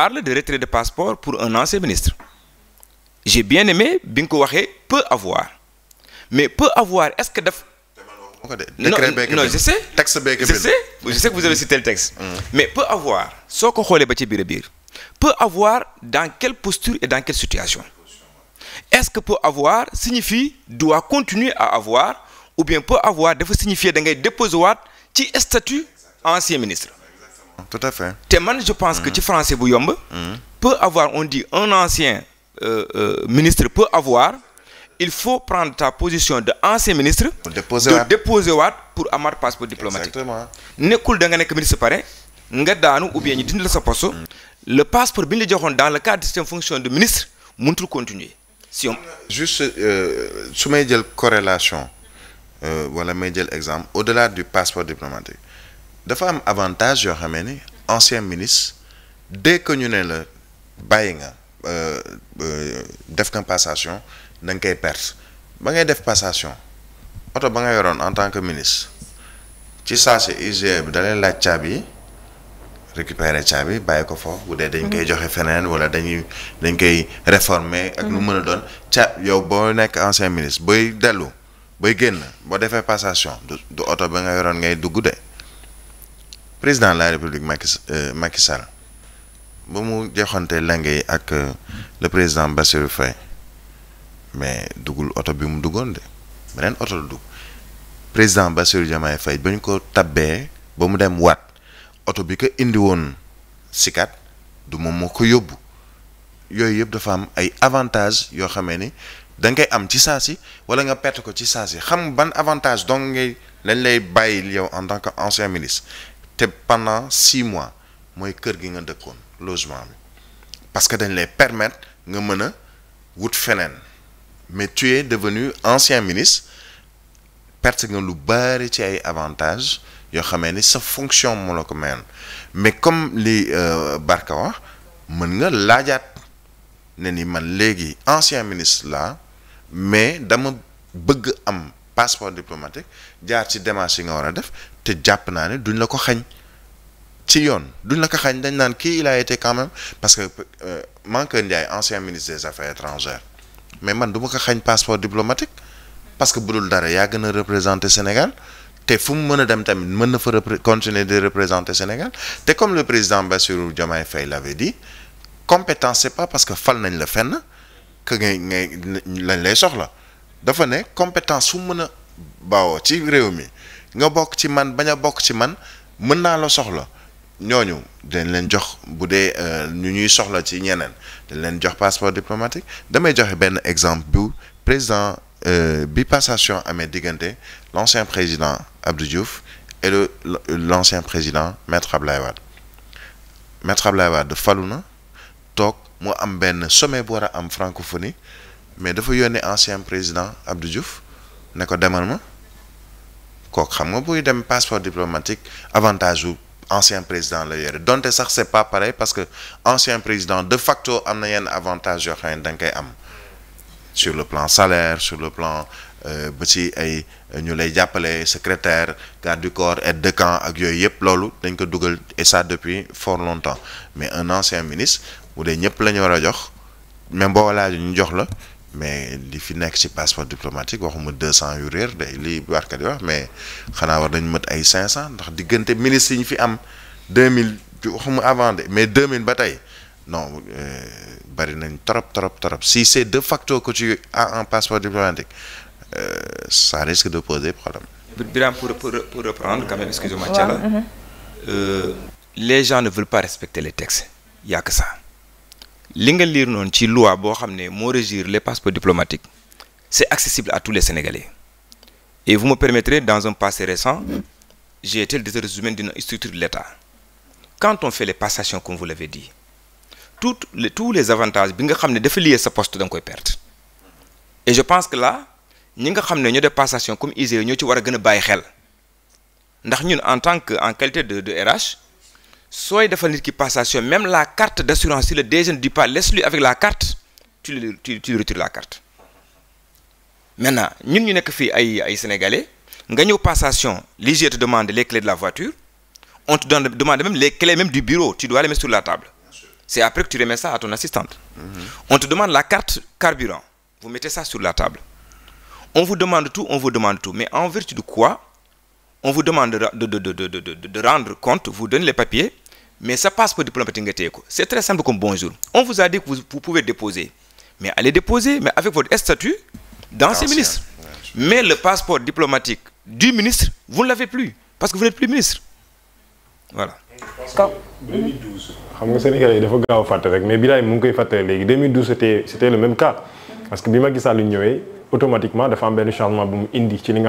parle de retrait de passeport pour un ancien ministre j'ai bien aimé bi nga ko waxee peut avoir mais peut avoir est-ce que daf. non non je sais. texte je sais je sais que vous avez cité le texte. Mm. mais peut avoir soo ko xoolee ba ci biir a biir. peut avoir dans quelle posture et dans quelle situation est-ce que peut avoir signifie doit continuer à avoir ou bien peut avoir dafa signifier da ngay déposer waat ci statut ancien ministre. tout à fait te man je pense que mm. ci français bu yomb. Mm. peut avoir on dit un ancien euh, euh, ministre peut avoir il faut prendre ta position de ancien ministre. de déposer waat pour amaat passeport diplomatique. exactement nekkul danga nga nekk ministre pare nga daanu ou bien ñu dindi la sa poste. Mm. le passeport bi ñu la joxoon dans le cadre de système fonction de ministre mënutul continuer si on. juste euh, su may jël corrélation wala may jël exemple au-delà du passeport diplomatique. dafa am avantage yoo xamee ni ancien ministre dès que ñu ne la bàyyi nga euh, euh, def nga passation da nga koy perte ba ngay def passation oto ba nga yoroon en tant que ministre ci saasi UGF e bi da lay laaj caabi yi récupérer caabi bàyyi ko foofu bu dee dañ koy mm-hmm. joxe feneen wala dañuy dañ koy réformer ak lu mm-hmm. mën a doon ca yow boo nekk ancien ministre booy dellu booy génn boo defee passation du oto ba nga yoroon ngay dugg de. président la république makis euh, Macky Sall ba mu joxante lenge ak euh, le président Bassirou Faye mais dugul auto bi mu duggoon de beneen oto la dugg président Bassirou Diomaye Faye ba ñu ko tabbee ba mu dem waat oto bi ko indi woon sikat du moom ko yóbbu yooyu yëpp dafa am ay avantages yoo xamee ni da ngay am ci saa si wala nga perte ko ci saa si xam ban avantage donc ngay lañ lay bàyyil yow en tant que ancien ministre te pendant six mois mooy kër gi nga dëkkoon logement bi parce que dañ lay permettre nga mën a wut feneen mais tu es devenu ancien ministre perte nga lu baari ci ay avantages yoo xamee ni sa fonction moo la ko mayoon mais comme li euh, Barka wax mën nga laajaat ne ni man léegi ancien ministre laa mais dama bëgg am passeport diplomatique jaar ci démarche yi nga war a def te jàpp naa ne duñ la ko xañ ci yoon duñ la ko xañ dañ naan kii il a été quand même parce que euh, Mankeur Ndiaye ancien ministre des affaires étrangères mais man du ma ko xañ passeport diplomatique parce que bu dul dara yaa gën a représenter Sénégal te fu mu mën a dem tamit mën na fa continuer de représenter Sénégal te comme le président Bassirou Diomaye Faye l'avait di compétence c'est pas parce que fal nañ la fenn que ngay soxla dafa ne compétence su mën a bawoo ci réew mi nga bokk ci man bañ a bokk ci man mën naa la soxla ñooñu dañ leen jox bu dee euh, ñu ñuy soxla ci ñeneen dañ leen jox passeport diplomatique damay joxe benn exemple bu président euh, bi passation amee diggante l'ancien président Abdou Diouf et le l'ancien président maître Ablaye Wade maître Ablaye Wade falu na toog moo am benn sommet bu war a am francophonie mais dafa yónnee ancien président Abdou Diouf ne ko demal ma kooku xam nga buy dem passeport diplomatique avantage wu ancien président la yore donte sax c'est pas pareil parce que ancien président de facto am na yenn avantage yoo xam ne da koy am sur le plan salaire sur le plan euh, ba ci ay euh, ñu lay jàppale secretaire garde du corps aide de camp ak yooyu yëpp loolu dañ ko dugal et ça depuis fort longtemps mais un ancien ministre bu dee ñëpp la ñu war a jox même boo laaju jox la mais li fi nekk ci passeport diplomatique waxuma deux cent yu réer de li barka di wax mais xanaa war nañu mët ay cinq cent ndax diggante ministre yi ñu fi am deux mille waxuma avant de mais deux mille ba tey non euh, bari nañ trop trop trop si c'est de facto que tu as un passeport diplomatique euh, risque de poser problème. Biram pour pour pour reprendre quand même excusez-moi Thiala. Uh-huh. Euh, les gens ne veulent pas respecter les textes y a li nga liir noonu ci loi boo xam ne moo régir le passeports diplomatiques c'est accessible à tous les Sénégalais et vous me permettrez dans un passé récent j'ai été le directeur humain d'une structure de l'État quand on fait les passations tout les tous les avantages bi nga xam ne dafa lié sa post danga koy perte et je pense que là ñi nga xam ne ñoo def passation comme ISE ñoo ci war a gën a bàyyi xel ndax ñun en tant que en qualité de de RH sooy defal nit ki passation même la carte d' assurance si le DG ne dit pas laisse-lui avec la carte tu lui tu la carte maintenant ñun ñu nekk fii ay ay sénégalais nga ñëw passation l'IG e te demande les clés de la voiture on te donne demande même les clés même du bureau tu dois les mettre sur la table c' est après que tu remets ça à ton assistante mm-hmm. on te demande la carte carburant vous mettez ça sur la table on vous demande tout on vous demande tout mais en vertu de demande rendre compte vous donne les mais ça passe pour diplomatique nga téye ko c'est très simple comme bonjour on vous a dit que vous, pouvez déposer mais allez déposer mais avec votre statut dans ces ministres mais le passeport diplomatique du ministre vous ne l'avez plus parce que vous n'êtes plus ministre voilà. kaw 2012. xam nga Sénégalais yi dafa fàtte rek mais Birahim mu ngi koy fàtte léegi c'était c'était le même cas parce que bi Macky Sall ñëwee automatiquement dafa am benn ci li nga xam.